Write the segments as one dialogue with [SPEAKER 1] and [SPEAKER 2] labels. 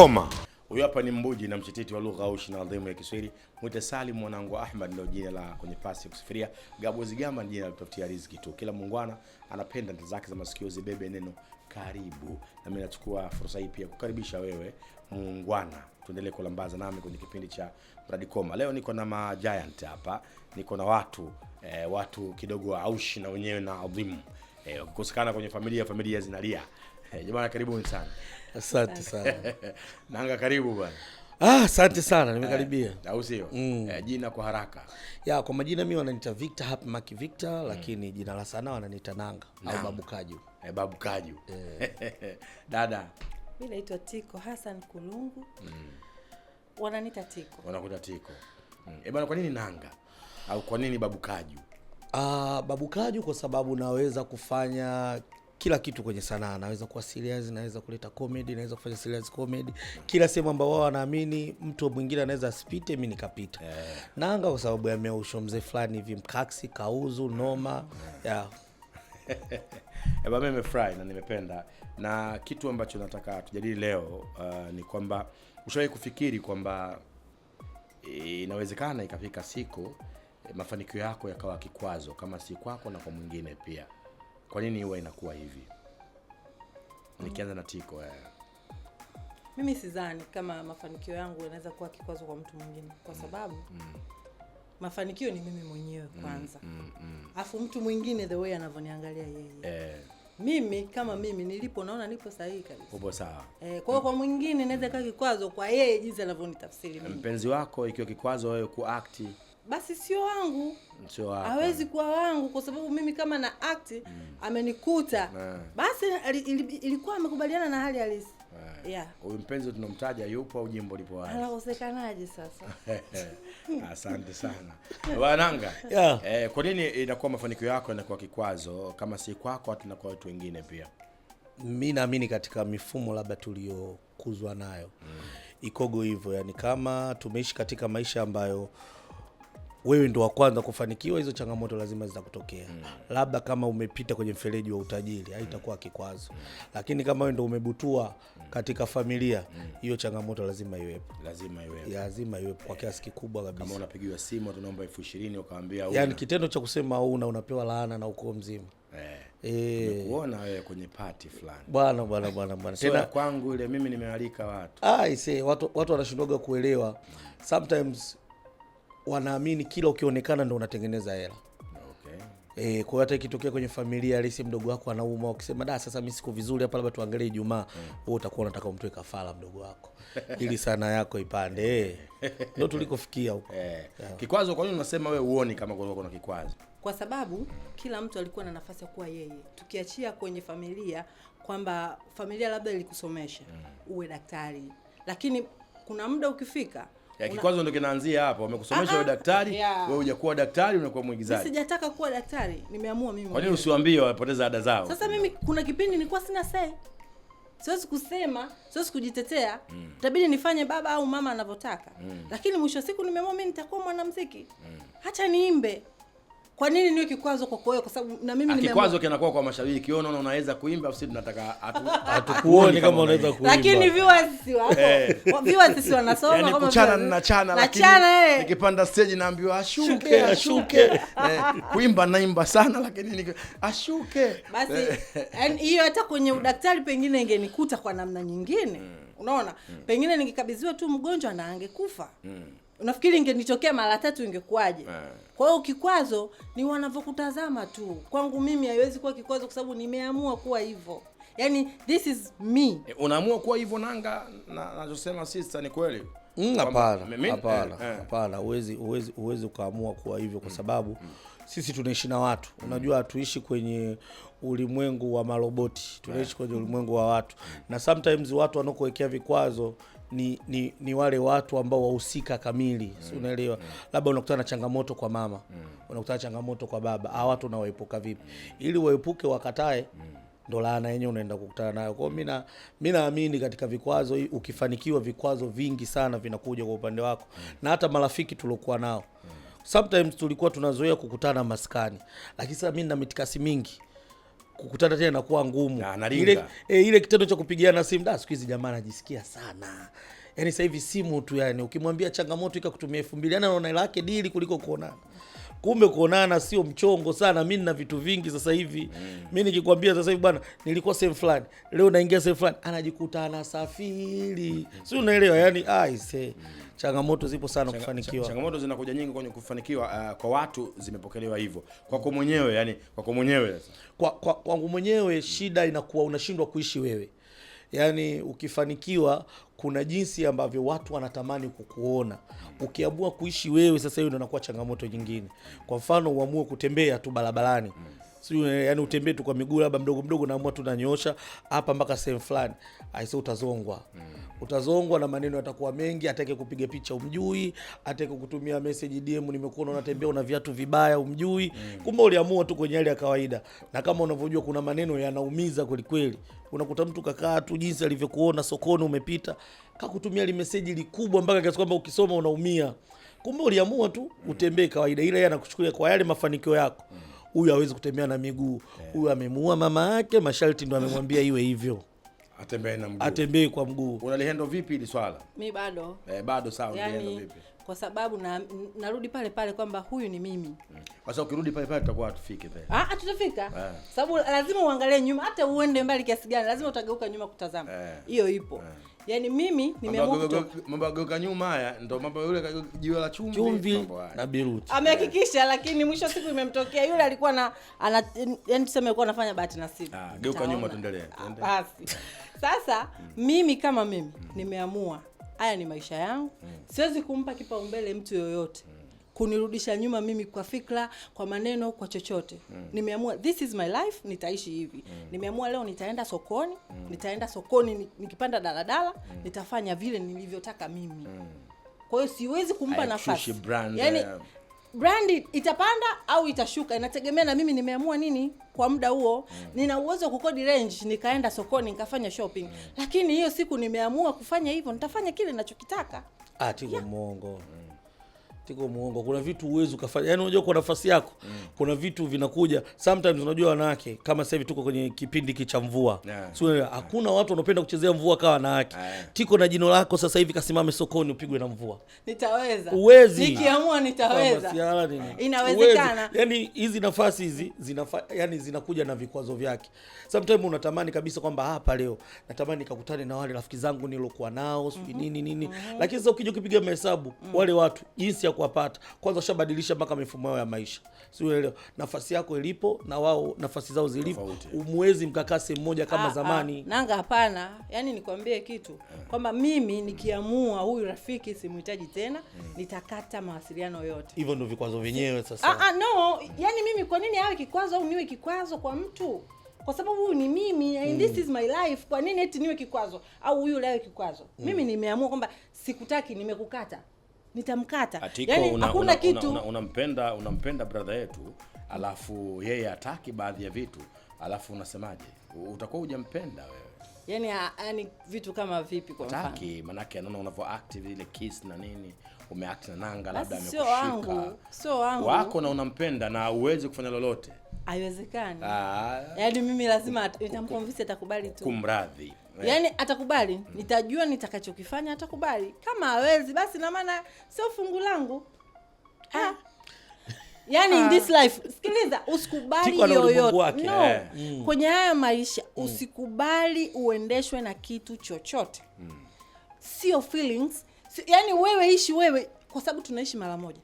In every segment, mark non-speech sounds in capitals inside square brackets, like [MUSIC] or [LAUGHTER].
[SPEAKER 1] koma. Huyu hapa ni mbuji na mcheteti wa lugha aushi na adhimu ya Kiswahili. Mwite Salim mwanangu Ahmad ndio jina la kwenye pasi ya kusufuria. Gabo Zigamba ni jina la kutafutia riziki tu. Kila mungwana anapenda nta zake za masikio zibebe neno karibu. Na mimi nachukua fursa hii pia kukaribisha wewe muungwana, tuendelee kulambaza nami kwenye kipindi cha Mradi Koma. Leo niko na ma hapa, niko na watu eh, watu kidogo aushi na wenyewe na adhimu. Eh, wakikosekana kwenye familia familia zinalia. Eh, jamani karibuni sana.
[SPEAKER 2] Asante sana
[SPEAKER 1] [LAUGHS] Nanga, karibu bwana.
[SPEAKER 2] Ah, asante sana nimekaribia, Eh,
[SPEAKER 1] au sio? mm. Eh, jina kwa haraka
[SPEAKER 2] ya kwa majina, mimi wananiita Victor Happy Mark Victor mm. lakini jina la sanaa wananiita Nanga Nang. au Babu Kaju
[SPEAKER 1] eh, Babu Kaju eh. [LAUGHS] Dada,
[SPEAKER 3] mimi naitwa Tiko Hassan Kulungu mm. wananiita Tiko,
[SPEAKER 1] wanakuita Tiko mm. Eh bwana, kwa nini Nanga au kwa nini Babu Kaju?
[SPEAKER 2] Ah, Babu Kaju kwa sababu naweza kufanya kila kitu kwenye sanaa. Naweza kuwa serious, naweza kuleta comedy, naweza kufanya serious comedy. Kila sehemu ambao wao wanaamini mtu mwingine anaweza asipite, mimi nikapita. Yeah. Nanga kwa sababu ya meusho mzee fulani hivi mkaksi kauzu noma. Yeah.
[SPEAKER 1] [LAUGHS] Eba, mimi nimefurahi na nimependa, na kitu ambacho nataka tujadili leo uh, ni kwamba ushawahi kufikiri kwamba e, inawezekana ikafika siku e, mafanikio yako yakawa kikwazo, kama si kwako na kwa mwingine pia? Kwa nini huwa inakuwa hivi? Nikianza na Tiko eh.
[SPEAKER 3] Mimi sidhani kama mafanikio yangu yanaweza kuwa kikwazo kwa mtu mwingine kwa mm, sababu mm. mafanikio ni mimi mwenyewe mm, kwanza, mm, mm, mm. mtu mwingine the way anavyoniangalia yeye eh. Mimi kama mimi nilipo naona nipo sahihi kabisa. Upo sawa. Eh, kwa hiyo kwa mwingine naweza kaa kikwazo kwa yeye jinsi anavyonitafsiri mimi.
[SPEAKER 1] Mpenzi wako ikiwa kikwazo wewe kuact
[SPEAKER 3] basi sio wangu, hawezi kuwa wangu kwa sababu mimi kama na act mm. amenikuta yeah. Basi ilikuwa amekubaliana na hali halisi eh. yeah.
[SPEAKER 1] Huyu mpenzi tunamtaja yupo au jimbo lipo wapi?
[SPEAKER 3] Anakosekanaje sasa?
[SPEAKER 1] [LAUGHS] Asante sana Wananga yeah. Eh, kwa nini inakuwa mafanikio yako inakuwa kikwazo kama si kwako hata na kwa watu wengine pia?
[SPEAKER 2] Mi naamini katika mifumo labda tuliyokuzwa nayo mm. ikogo hivyo, yani kama tumeishi katika maisha ambayo wewe ndo wa kwanza kufanikiwa, hizo changamoto lazima zitakutokea. mm. Labda kama umepita kwenye mfereji wa utajiri haitakuwa mm. kikwazo, lakini kama wewe ndo umebutua mm. katika familia mm. hiyo, mm. changamoto lazima iwepo,
[SPEAKER 1] lazima iwepo,
[SPEAKER 2] lazima iwepo kwa eh. kiasi kikubwa kabisa.
[SPEAKER 1] Kama unapigiwa simu tunaomba elfu ishirini ukaambia
[SPEAKER 2] una, yani kitendo cha kusema una unapewa laana na ukoo mzima
[SPEAKER 1] eh. eh, kuona wewe kwenye party fulani
[SPEAKER 2] bwana bwana bwana bwana
[SPEAKER 1] tena kwangu ile mimi nimealika watu
[SPEAKER 2] ah, see watu watu wanashindwaga kuelewa sometimes wanaamini kila ukionekana ndo unatengeneza hela. Okay. E, kwa hiyo hata ikitokea kwenye familia alisi mdogo wako anauma, ukisema da, sasa mimi siko vizuri hapa, labda tuangalie Ijumaa, mm. wewe utakuwa unataka umtoe kafara mdogo wako ili sana yako ipande. Eh. Ndio tulikofikia huko. Eh.
[SPEAKER 1] Kikwazo, kwa nini unasema wewe uoni kama kuna kikwazo?
[SPEAKER 3] Kwa sababu kila mtu alikuwa na nafasi ya kuwa yeye, tukiachia kwenye familia kwamba familia labda ilikusomesha mm. uwe daktari, lakini kuna muda ukifika
[SPEAKER 1] ya kikwazo ndio kinaanzia hapa. Wamekusomesha wewe daktari, yeah. Wewe hujakuwa daktari unakuwa mwigizaji.
[SPEAKER 3] Sijataka kuwa daktari, nimeamua mimi.
[SPEAKER 1] Kwa nini usiwaambie wapoteza ada zao?
[SPEAKER 3] Sasa mimi kuna kipindi nilikuwa sina sei Siwezi kusema, siwezi kujitetea. Mm. Itabidi nifanye baba au mama anavyotaka. Mm. Lakini mwisho wa siku nimeamua mimi nitakuwa mwanamuziki. Mm. Hata niimbe. Kwa nini niwe kikwazo kwa kwao? Kwa sababu na mimi
[SPEAKER 1] nimeamua kikwazo kinakuwa kwa mashabiki. Wewe unaona unaweza kuimba, afu sisi tunataka [LAUGHS] atukuone kama unaweza kuimba.
[SPEAKER 3] Lakini viewers si wako. Eh. Viewers si wanasoma
[SPEAKER 1] yaani kama kuchana na chana, lakini eh. nikipanda stage naambiwa ashuke ashuke. Eh, kuimba naimba sana lakini ni ashuke.
[SPEAKER 3] Basi yani hiyo hata kwenye udaktari pengine ingenikuta kwa namna nyingine. Mm. Unaona? Mm. Pengine ningekabidhiwa tu mgonjwa na angekufa. Mm nafkiri ingenitokea mara tatu ingekuwaje? Eh. Kwa hiyo kikwazo ni wanavyokutazama tu. Kwangu mimi haiwezi kuwa kikwazo kwa sababu nimeamua kuwa hivyo. Yaani this is me.
[SPEAKER 1] E, unaamua kuwa hivyo nanga na nachosema sister ni kweli.
[SPEAKER 2] Mm, hapana. Hapana. Eh, hapana, huwezi huwezi huwezi ukaamua kuwa hivyo kwa mm, sababu mm. Sisi tunaishi na watu. Mm. Unajua hatuishi kwenye ulimwengu wa maroboti, tunaishi kwenye ulimwengu wa watu, na sometimes watu wanaokuwekea vikwazo ni, ni, ni wale watu ambao wahusika kamili mm. Unaelewa mm. Labda unakutana na changamoto kwa mama mm. Unakutana changamoto kwa baba, hawa watu unawaepuka vipi mm. Ili waepuke wakatae mm. Ndo laana yenyewe unaenda kukutana nayo. Kwa hiyo mi naamini katika vikwazo, ukifanikiwa vikwazo vingi sana vinakuja kwa upande wako mm. na hata marafiki tuliokuwa nao mm. Sometimes tulikuwa tunazoea kukutana maskani, lakini sasa mi na mitikasi mingi kukutana tena inakuwa ngumu. Ile, e, ile kitendo cha kupigiana simu da siku hizi jamaa anajisikia sana yani, sasa hivi simu tu yani, ukimwambia changamoto ikakutumia elfu mbili yani anaona hela yake dili kuliko kuonana kumbe kuonana sio mchongo sana. Mi nina vitu vingi sasa hivi mm. Mi nikikwambia sasa hivi bwana, nilikuwa sehemu fulani, leo naingia sehemu fulani, anajikuta anasafiri, mm. si unaelewa? Yani aise, changamoto zipo sana Changa, kufanikiwa.
[SPEAKER 1] Changamoto zinakuja nyingi kwenye kufanikiwa. Uh, kwa watu zimepokelewa hivyo, kwako mwenyewe yani, kwako mwenyewe
[SPEAKER 2] kwa kwangu mwenyewe, shida inakuwa unashindwa kuishi wewe, yani ukifanikiwa kuna jinsi ambavyo watu wanatamani kukuona ukiamua kuishi wewe. Sasa hiyo ndio inakuwa changamoto nyingine. Kwa mfano, uamue kutembea tu barabarani sio, yani utembee tu kwa miguu, labda mdogo mdogo, naamua tu nanyoosha hapa mpaka sehemu fulani, aise, utazongwa utazongwa na maneno yatakuwa mengi, atake kupiga picha umjui, atake kukutumia message DM, nimekuona unatembea una viatu vibaya umjui. Mm. Kumbe uliamua tu kwenye hali ya kawaida, na kama unavyojua kuna maneno yanaumiza kweli kweli. Unakuta mtu kakaa tu jinsi alivyokuona sokoni, umepita kakutumia ile message likubwa mpaka kiasi kwamba ukisoma unaumia. Kumbe uliamua tu mm. utembee kawaida, ila yeye anakuchukulia kwa yale mafanikio yako. Mm. Huyu hawezi kutembea na miguu, eh. huyu amemuua mama yake, masharti ndo amemwambia iwe hivyo
[SPEAKER 1] atembee na mguu,
[SPEAKER 2] atembee kwa mguu.
[SPEAKER 1] unalihendo vipi hili swala? Mi bado eh, bado sawa.
[SPEAKER 3] yani, vipi? Kwa sababu na, narudi pale pale kwamba huyu ni mimi. Mm.
[SPEAKER 1] sababu ukirudi pale pale tutakuwa hatufiki pale.
[SPEAKER 3] Ah, tutafika. Eh. Sababu lazima uangalie nyuma, hata uende mbali kiasi gani, lazima utageuka nyuma kutazama. Eh. Hiyo ipo. Ae. Eh. Yaani mimi nimeamua
[SPEAKER 1] mambo ageuka nyuma haya ndio mambo yule jiwe la chumvi,
[SPEAKER 2] chumvi na biruti.
[SPEAKER 3] Amehakikisha lakini mwisho siku imemtokea yule alikuwa na ana yaani tuseme alikuwa anafanya bahati nasibu.
[SPEAKER 1] Ah, geuka nyuma tuendelee.
[SPEAKER 3] Ah, basi. Sasa mimi kama mimi nimeamua haya ni maisha yangu. Mm. Siwezi kumpa kipaumbele mtu yoyote kunirudisha nyuma mimi kwa fikra, kwa maneno, kwa chochote mm. Nimeamua this is my life, nitaishi hivi mm. Nimeamua leo nitaenda sokoni mm. Nitaenda sokoni nikipanda daladala mm. Nitafanya vile nilivyotaka mimi mm. Kwa hiyo siwezi kumpa nafasi yani, um, brandi itapanda au itashuka, inategemea na mimi nimeamua nini kwa muda huo. Mm. Nina uwezo wa kukodi range, nikaenda sokoni nikafanya shopping, mm. lakini hiyo siku nimeamua kufanya hivyo, nitafanya kile ninachokitaka.
[SPEAKER 2] Ati ah, uongo. Mm tiko muongo. Kuna vitu uwezo ukafanya, yani unajua, kwa nafasi yako mm. kuna vitu vinakuja sometimes. Unajua wanawake kama sasa hivi tuko kwenye kipindi cha mvua yeah. so, hakuna yeah. watu wanaopenda kuchezea mvua kama wanawake yeah. tiko na jino lako sasa hivi kasimame sokoni upigwe na mvua,
[SPEAKER 3] nitaweza uwezi, nikiamua nitaweza, inawezekana.
[SPEAKER 2] Yani hizi nafasi hizi zinafa, yani zinakuja na vikwazo vyake. Sometimes unatamani kabisa kwamba ah, hapa leo natamani nikakutane na wale rafiki zangu nilokuwa nao sijui mm -hmm. nini nini mm -hmm. lakini sasa ukija ukipiga mahesabu mm -hmm. wale watu jinsi ya kuwapata. Kwanza ushabadilisha mpaka mifumo yao ya maisha, si nafasi yako ilipo na wao nafasi zao zilipo, umwezi mkakaa sehemu moja kama aa, ah, ah, zamani.
[SPEAKER 3] Nanga hapana, yani nikwambie kitu kwamba mimi nikiamua huyu rafiki simhitaji tena, nitakata mawasiliano yote.
[SPEAKER 2] Hivyo ndio vikwazo vyenyewe sasa.
[SPEAKER 3] Aa, ah, aa, no, yani mimi kwa nini awe kikwazo au niwe kikwazo kwa mtu kwa sababu huyu ni mimi and this is my life. Kwa nini eti niwe kikwazo au huyu lawe kikwazo? Mm. Mimi hmm. nimeamua kwamba sikutaki, nimekukata nitamkata.
[SPEAKER 1] Atiko, yani, una, hakuna una, kitu unampenda una, una unampenda brother yetu alafu yeye hataki baadhi ya vitu alafu unasemaje? Utakuwa hujampenda wewe.
[SPEAKER 3] Yani, yani vitu kama vipi
[SPEAKER 1] kwa mfano? manake anaona unavyo act ile kiss na nini umeact na nanga labda
[SPEAKER 3] amekushika. Sio wangu, sio wangu.
[SPEAKER 1] Wako na unampenda na uwezi kufanya lolote.
[SPEAKER 3] Haiwezekani. Ah. yani mimi lazima nitamconvince atakubali tu.
[SPEAKER 1] Kumradhi.
[SPEAKER 3] Eh. yaani atakubali mm. Nitajua nitakachokifanya atakubali. Kama hawezi basi, na maana sio fungu langu ha. Ah. Ah. Yaani in ah. this life, sikiliza, usikubali yoyote no. Yeah. Mm. Kwenye haya maisha mm. Usikubali uendeshwe na kitu chochote mm. Sio feelings, Si, yaani wewe ishi wewe, kwa sababu tunaishi mara moja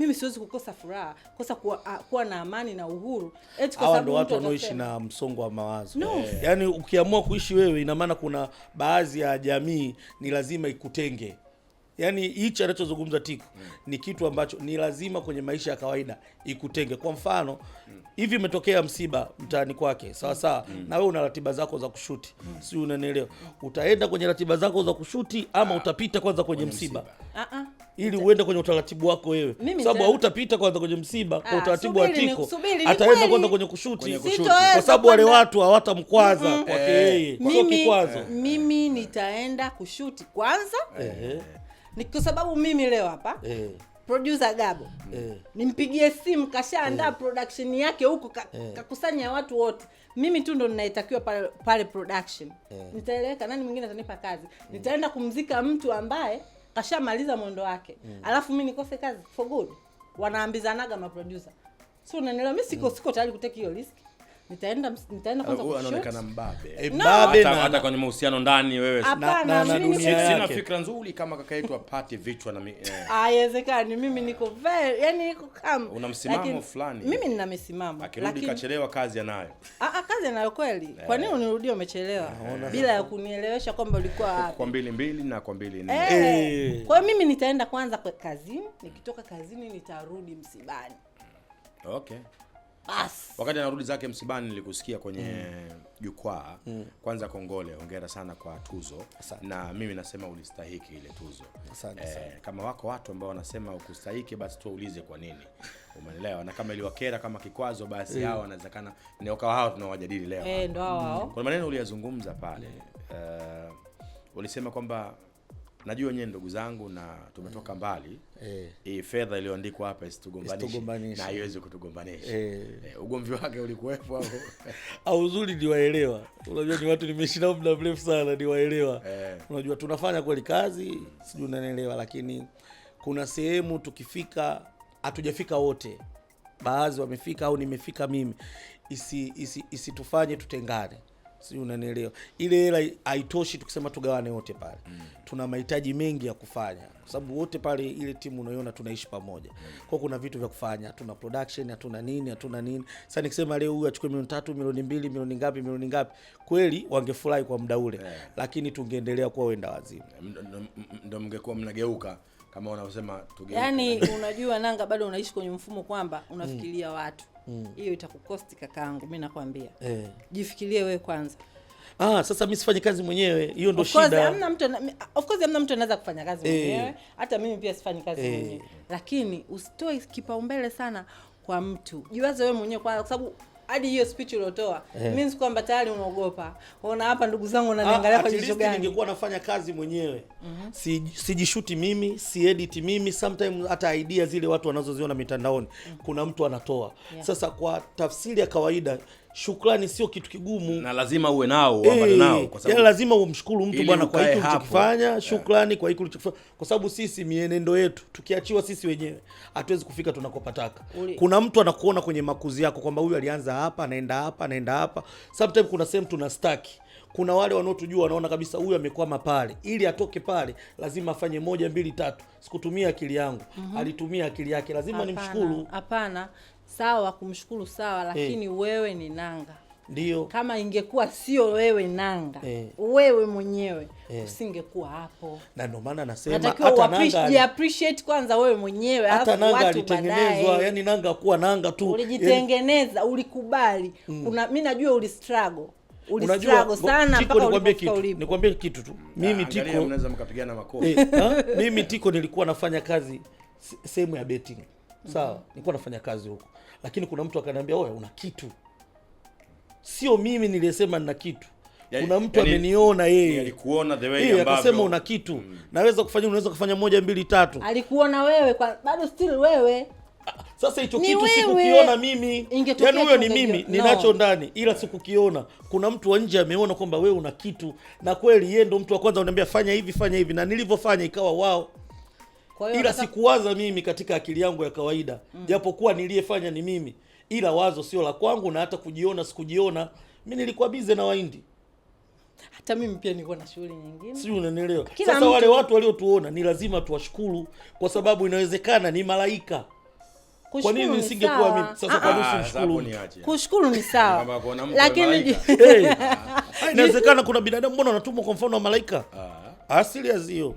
[SPEAKER 3] mimi siwezi kukosa furaha, kosa kuwa, ah, kuwa na amani na uhuru eti
[SPEAKER 2] kwa sababu watu wanaoishi na msongo wa mawazo no. Yeah. Yani ukiamua kuishi wewe, ina maana kuna baadhi ya jamii ni lazima ikutenge. Yaani hichi anachozungumza Tiku mm. ni kitu ambacho ni lazima kwenye maisha ya kawaida ikutenge. Kwa mfano hmm. hivi mm. imetokea msiba mtaani kwake, sawa sawa mm. na wewe una ratiba zako za kushuti mm. si unanielewa? Utaenda kwenye ratiba zako za kushuti ama ah. utapita kwanza kwenye, kwenye msiba, msiba. Uh -uh ili uende kwenye utaratibu wako wewe, sababu hautapita kwanza kwenye msiba ah, kwa utaratibu wa Tiko. Ataenda kwanza kwenye kushuti, kwa sababu wale watu hawatamkwaza kwake yeye,
[SPEAKER 3] sio kikwazo. Mimi nitaenda kushuti kwanza ni kwa sababu mimi leo hapa producer Gabo eh, nimpigie simu kashaandaa eh, production yake huko ka, eh, kakusanya watu wote, mimi tu ndo ninayetakiwa pale, pale production eh, nitaeleweka. Nani mwingine atanipa kazi? Nitaenda kumzika mtu ambaye kashamaliza mwendo wake mm. alafu mi nikose kazi for good, wanaambizanaga maproducer, si so, unanielewa? mi siko mm. siko tayari kuteki hiyo riski nitaenda eh, Anaonekana
[SPEAKER 1] mbabe eh, kwenye mahusiano ndani wewe fikra nzuri kama kaka yetu apate vichwa na
[SPEAKER 3] eh. mimi niko very yani niko kama
[SPEAKER 1] una msimamo fulani.
[SPEAKER 3] Mimi nina misimamo,
[SPEAKER 1] akirudi kachelewa kazi anayo.
[SPEAKER 3] kazi anayo kweli. Eh. Kwa nini unirudie umechelewa bila ya kunielewesha kwamba ulikuwa
[SPEAKER 1] Kwa mbili mbili na kwa mbili nne.
[SPEAKER 3] Eh. Kwa hiyo mimi nitaenda kwanza kwa kazini, nikitoka kazini nitarudi msibani. Okay basi.
[SPEAKER 1] Wakati anarudi zake msibani nilikusikia kwenye mm. jukwaa mm. mm. Kwanza kongole, hongera sana kwa tuzo asante. Na mimi nasema ulistahiki ile tuzo asante, asante. Eh, kama wako watu ambao wanasema ukustahiki basi tuwaulize kwa nini, umeelewa? Na kama iliwakera kama kikwazo basi mm. hao wanawezekana ni wakawa hao tunawajadili leo.
[SPEAKER 3] Eh, ndo hao.
[SPEAKER 1] kwa maneno uliyazungumza pale mm. uh, ulisema kwamba najua nyewe ndugu zangu na tumetoka mm. mbali eh. E, fedha iliyoandikwa hapa isitugombanishe na haiwezi kutugombanisha eh. E, ugomvi wake ulikuwepo hapo
[SPEAKER 2] [LAUGHS] au uzuri niwaelewa. Unajua ni watu nimeishi nao muda mrefu sana, niwaelewa eh. Unajua tunafanya kweli kazi mm. sijui unanielewa, lakini kuna sehemu tukifika, hatujafika wote, baadhi wamefika au nimefika mimi, isitufanye isi, isi tutengane si unanielewa? Ile hela haitoshi tukisema tugawane wote pale mm. Tuna mahitaji mengi ya kufanya, kwa sababu wote pale ile timu unaiona tunaishi pamoja mm. Kwa kuna vitu vya kufanya, tuna production, hatuna nini, hatuna nini. Sasa nikisema leo huyu achukue milioni tatu, milioni mbili, milioni ngapi, milioni ngapi, kweli wangefurahi kwa muda ule yeah. Lakini tungeendelea kuwa wenda wazimu, eh,
[SPEAKER 1] ndio mngekuwa mnageuka kama unavyosema
[SPEAKER 3] tugeuka. Yani unajua nanga bado unaishi kwenye mfumo kwamba unafikiria mm. watu Mm. hiyo mm. itakukosti kakaangu, mi nakwambia eh. Jifikirie wewe kwanza.
[SPEAKER 2] Ah, sasa mimi sifanye kazi mwenyewe, hiyo ndo shida.
[SPEAKER 3] mtu, of course hamna mtu anaweza kufanya kazi eh. mwenyewe, hata mimi pia sifanyi kazi eh. mwenyewe, lakini usitoe kipaumbele sana kwa mtu, jiwaze wewe mwenyewe kwa sababu hadi hiyo speech uliotoa yeah. means kwamba tayari unaogopa. Ona hapa ndugu zangu, unaniangalia ah, kwa
[SPEAKER 2] jicho gani? Ningekuwa nafanya kazi mwenyewe mm -hmm. sijishuti si mimi si edit mimi, sometimes hata idea zile watu wanazoziona mitandaoni mm -hmm. kuna mtu anatoa yeah. Sasa kwa tafsiri ya kawaida shukrani sio kitu kigumu,
[SPEAKER 1] na lazima uwe nao
[SPEAKER 2] eh, uambatane nao, kwa sababu lazima umshukuru mtu bwana kwa hiki ulichokifanya, eh. shukrani kwa hiki ulichokifanya, kwa sababu sisi mienendo yetu tukiachiwa sisi wenyewe hatuwezi kufika tunakopataka. Kuna mtu anakuona kwenye makuzi yako kwamba huyu alianza hapa, anaenda hapa, anaenda hapa. Sometimes kuna sehemu tunastaki kuna wale wanaotujua wanaona kabisa huyu amekwama pale, ili atoke pale lazima afanye moja mbili tatu. Sikutumia akili yangu, mm -hmm. Alitumia akili yake, lazima nimshukuru.
[SPEAKER 3] Hapana, sawa, kumshukuru sawa, eh. lakini eh, wewe ni nanga ndio. Kama ingekuwa sio wewe nanga eh, wewe mwenyewe eh, usingekuwa hapo,
[SPEAKER 2] na ndio maana nasema
[SPEAKER 3] hata nanga appreciate kwanza wewe mwenyewe,
[SPEAKER 2] hata nanga alitengenezwa, yani nanga kuwa nanga tu
[SPEAKER 3] ulijitengeneza, yaani- ulikubali mm. Kuna mimi najua ulistruggle Unajua, sana
[SPEAKER 2] Tiko, nikwambie kitu, nikwambie kitu tu ah, mimi Tiko,
[SPEAKER 1] makofi eh,
[SPEAKER 2] mimi Tiko nilikuwa nafanya kazi sehemu ya betting sawa, mm -hmm. nilikuwa nafanya kazi huko, lakini kuna mtu akaniambia wewe una kitu. Sio mimi niliyesema nina kitu yani, kuna mtu yani, ameniona yeye
[SPEAKER 1] alikuona the way
[SPEAKER 2] ambavyo akasema una kitu mm naweza kufanya, unaweza kufanya moja mbili tatu.
[SPEAKER 3] Alikuona wewe kwa bado still wewe
[SPEAKER 2] ah, sasa hicho kitu sikukiona mimi, yani huyo ni mimi no. Ninacho ndani ila sikukiona. Kuna mtu wa nje ameona kwamba wewe una kitu, na kweli yeye ndo mtu wa kwanza uniambia fanya hivi, fanya hivi, na nilivyofanya ikawa wao ila sikuwaza mimi katika akili yangu ya kawaida mm. Japokuwa niliyefanya ni mimi, ila wazo sio la kwangu, na hata kujiona sikujiona mimi, nilikuwa bize na waindi
[SPEAKER 3] Hata mimi pia nilikuwa na shughuli nyingine,
[SPEAKER 2] si unanielewa? Sasa wale watu waliotuona ni lazima tuwashukuru, kwa sababu inawezekana ni malaika. Kwa nini nisingekuwa mimi sasa? Ah, kwa nini mshukuru?
[SPEAKER 3] Ah. Kushukuru ni sawa,
[SPEAKER 1] lakini [LAUGHS]
[SPEAKER 2] ah, inawezekana kuna binadamu, mbona anatumwa kwa mfano wa malaika asili azio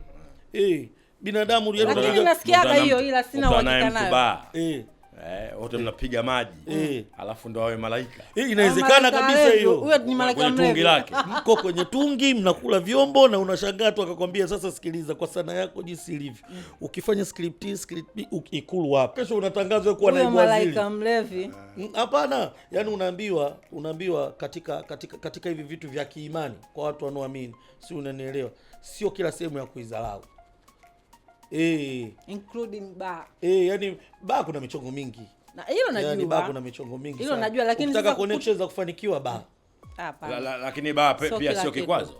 [SPEAKER 2] eh binadamu
[SPEAKER 3] lakini nasikiaga hiyo ila sina
[SPEAKER 1] uhakika nayo. Eh. Eh, wote mnapiga maji eh, alafu ndo awe malaika.
[SPEAKER 2] Eh, ah, inawezekana kabisa hiyo.
[SPEAKER 3] Huyo ni malaika
[SPEAKER 2] mwenye Tungi lake. [LAUGHS] Mko kwenye tungi mnakula vyombo na unashangaa tu akakwambia sasa, sikiliza kwa sana yako jinsi ilivyo. Ukifanya script hii script B ikulu wapi? Kesho unatangazwa kuwa naibu waziri. Malaika
[SPEAKER 3] mlevi.
[SPEAKER 2] Mm, hapana, yani unaambiwa unaambiwa katika katika katika hivi vitu vya kiimani kwa watu wanaoamini. Si unanielewa? Sio kila sehemu ya kuidharau
[SPEAKER 3] eh, including bar
[SPEAKER 2] eh, yani ba kuna michongo mingi
[SPEAKER 3] na hilo najua, yani ba
[SPEAKER 2] kuna michongo mingi
[SPEAKER 3] hilo najua, lakini
[SPEAKER 2] unataka connections za kufanikiwa ba
[SPEAKER 1] hapana, la, lakini bar so pia sio kikwazo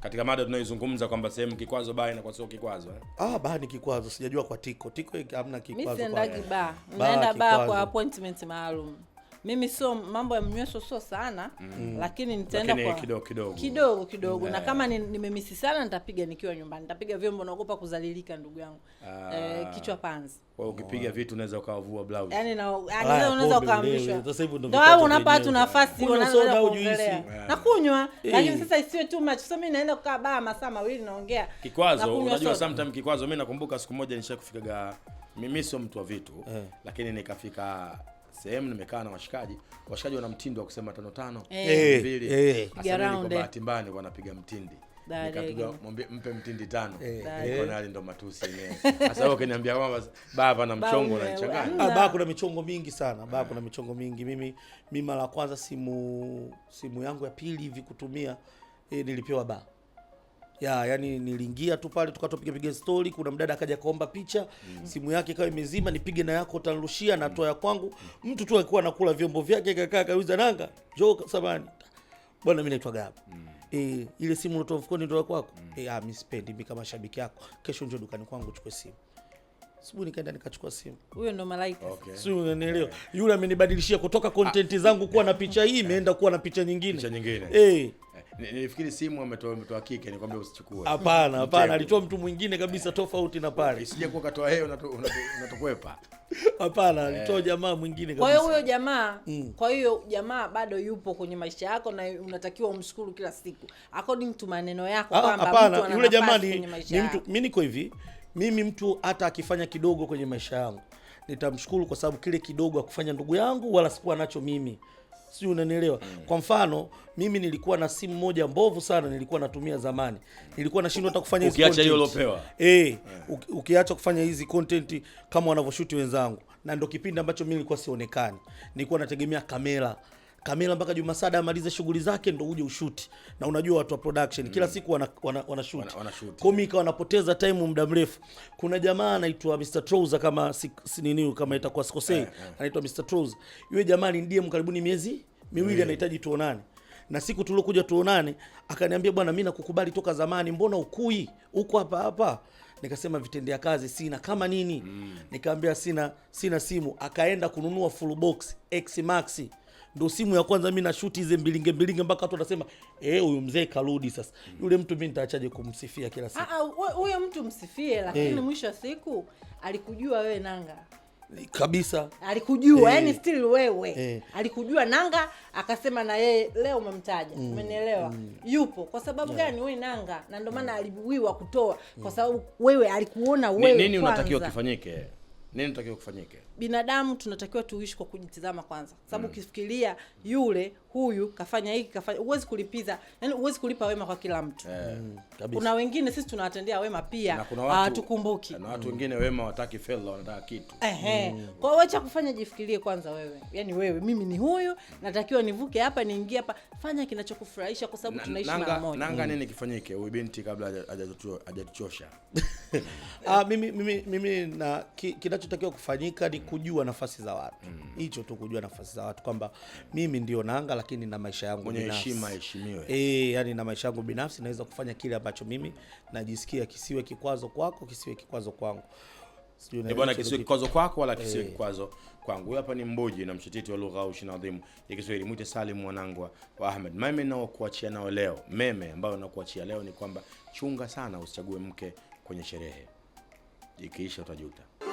[SPEAKER 1] katika mada tunayoizungumza kwamba sehemu kikwazo baa inakuwa sio kikwazo eh?
[SPEAKER 2] Ah, ba ni kikwazo, sijajua kwa tiko tiko hamna kikwazo.
[SPEAKER 3] Mimi sendagi ba naenda ba kwa appointment maalum mimi sio mambo ya mnyweso sio sana mm. lakini nitaenda
[SPEAKER 1] kwa kidogo kidogo
[SPEAKER 3] kidogo kidogo yeah. na eh. kama nimemisi ni sana nitapiga nikiwa nyumbani nitapiga vyombo, naogopa kuzalilika ndugu yangu ah. eh, kichwa panzi
[SPEAKER 1] kwa ukipiga oh. vitu unaweza ukavua blouse
[SPEAKER 3] yani na yaani unaweza ukaamrishwa. Sasa hivi ndio wewe unapata tu nafasi
[SPEAKER 2] unaweza kuongelea
[SPEAKER 3] na kunywa, eh. lakini eh. sasa isiwe too much. Sasa mimi naenda kukaa baa masaa mawili naongea
[SPEAKER 1] kikwazo. Unajua sometimes kikwazo, mimi nakumbuka siku moja nishakufikaga mimi sio mtu wa vitu eh, lakini nikafika sehemu nimekaa na washikaji, washikaji wana mtindo wa kusema tano tano
[SPEAKER 2] eh. mbili
[SPEAKER 1] eh, eh. Bahati mbaya nilikuwa napiga mtindi nikapiga mpe mtindi tano niko nali ndo matusi yenyewe. Sasa wewe ukiniambia kwamba baba pana mchongo unanichanganya.
[SPEAKER 2] Ah, baba kuna michongo mingi sana, baba kuna michongo mingi. Mimi mimi mara kwanza simu simu yangu ya pili hivi kutumia eh, nilipewa baba ya yani, niliingia tu pale tukawa tupiga piga story. Kuna mdada akaja kaomba picha mm. simu yake ikawa imezima, nipige na yako tanrushia na mm. toa ya kwangu. Mtu tu alikuwa anakula vyombo vyake, kakaa kauza nanga njoo samani bwana, mimi naitwa Gaba mm. E, ile simu ulotoa mfukoni ndio kwako mm. E, ah, mimi sipendi, mimi kama shabiki yako, kesho njoo dukani kwangu chukue simu. Sibu nikaenda nikachukua simu.
[SPEAKER 3] Huyo ndo malaika.
[SPEAKER 1] Okay.
[SPEAKER 2] Sio unanielewa. Yule amenibadilishia kutoka content ah. zangu kuwa na picha hii eh. imeenda kuwa na picha nyingine. Picha nyingine. Eh.
[SPEAKER 1] Nilifikiri simu ametoa mtu wa kike, nikwambia usichukue.
[SPEAKER 2] Hapana, hapana, alitoa mtu mwingine kabisa tofauti na pale.
[SPEAKER 1] Sije kwa katoa heyo unatokwepa.
[SPEAKER 2] Hapana, eh. alitoa jamaa mwingine kabisa.
[SPEAKER 3] Kwa hiyo huyo jamaa, mm. kwa hiyo jamaa bado yupo kwenye maisha yako na unatakiwa umshukuru kila siku. According to maneno yako
[SPEAKER 2] ah, kwamba mtu ana yule jamaa ni, ni mtu mimi niko hivi, mimi mtu hata akifanya kidogo kwenye maisha yangu nitamshukuru kwa sababu kile kidogo akufanya ndugu yangu wala sikuwa nacho mimi si unanielewa? Mm. Kwa mfano mimi nilikuwa na simu moja mbovu sana nilikuwa natumia zamani, nilikuwa nashindwa hata kufanya hizo
[SPEAKER 1] ukiacha hiyo lopewa
[SPEAKER 2] eh, yeah. Ukiacha kufanya hizi content kama wanavyoshuti wenzangu, na ndo kipindi ambacho mimi nilikuwa sionekani, nilikuwa nategemea kamera kamera mpaka Juma Sada amalize shughuli zake ndo uje ushuti, na unajua watu wa production kila mm. siku wana, wana, wana shoot wana, wana shoot kwa mika wanapoteza time muda mrefu. Kuna jamaa anaitwa Mr Trouser kama si, si nini kama itakuwa sikosei, eh, eh. anaitwa Mr Trouser. Yule jamaa ndiye mkaribuni miezi miwili yeah. anahitaji tuonane na siku tuliokuja tuonane, akaniambia bwana, mi nakukubali toka zamani, mbona ukui huko hapa hapa? Nikasema vitendea kazi sina kama nini mm. Nikaambia sina sina simu. Akaenda kununua full box ndo simu ya kwanza mi na shoot mbilinge mbilinge, mpaka watu wanasema eh, huyu mzee karudi sasa. Mm. Yule mtu mi nitaachaje kumsifia kila siku?
[SPEAKER 3] Ah, ah, huyo mtu msifie, lakini hey. Eh. mwisho wa siku alikujua wewe nanga kabisa alikujua eh. yani, hey. Still wewe hey. Eh. Alikujua nanga akasema na yeye leo umemtaja, mm. umenielewa? mm. mm. Yupo kwa sababu yeah. gani wewe nanga, na ndio maana mm. aliwiwa kutoa kwa mm. sababu wewe alikuona wewe.
[SPEAKER 1] Nini unatakiwa kifanyike? Nini unatakiwa kufanyike?
[SPEAKER 3] Binadamu tunatakiwa tuishi kwa kujitizama kwanza, sababu mm. ukifikiria mm. yule huyu kafanya hiki kafanya. Huwezi kulipiza, yani huwezi kulipa wema kwa kila mtu eh, mm. Kuna wengine sisi tunawatendea wema pia hatukumbuki, na
[SPEAKER 1] watu wengine mm. wema wataki fedha, wanataka kitu
[SPEAKER 3] mm. kwa hiyo acha kufanya, jifikirie kwanza wewe, yani wewe, mimi ni huyu, natakiwa nivuke hapa niingie hapa, fanya kinachokufurahisha kwa sababu tunaishi mara moja.
[SPEAKER 1] Nanga mm. nini kifanyike huyu binti kabla hajatuchosha? [LAUGHS]
[SPEAKER 2] Ah, mimi mimi mimi na ki, kinachotakiwa kufanyika ni kujua nafasi za watu mm. hicho mm. tu, kujua nafasi za watu kwamba mimi ndio nanga lakini na maisha yangu
[SPEAKER 1] mwenye heshima
[SPEAKER 2] Eh, yani na maisha yangu binafsi naweza kufanya kile ambacho mimi najisikia, kisiwe kikwazo kwako, kisiwe kikwazo kwangu.
[SPEAKER 1] Sijui eh, bwana, kisiwe kikwazo kwako wala eh. kisiwe kikwazo kwangu. Huyu hapa ni Mbuji na mshtiti wa lugha au shina adhimu ya Kiswahili, mwite Salim mwanangu wa Ahmed. Meme nao kuachia nao leo, meme ambayo nakuachia leo ni kwamba chunga sana usichague mke kwenye sherehe, ikiisha utajuta.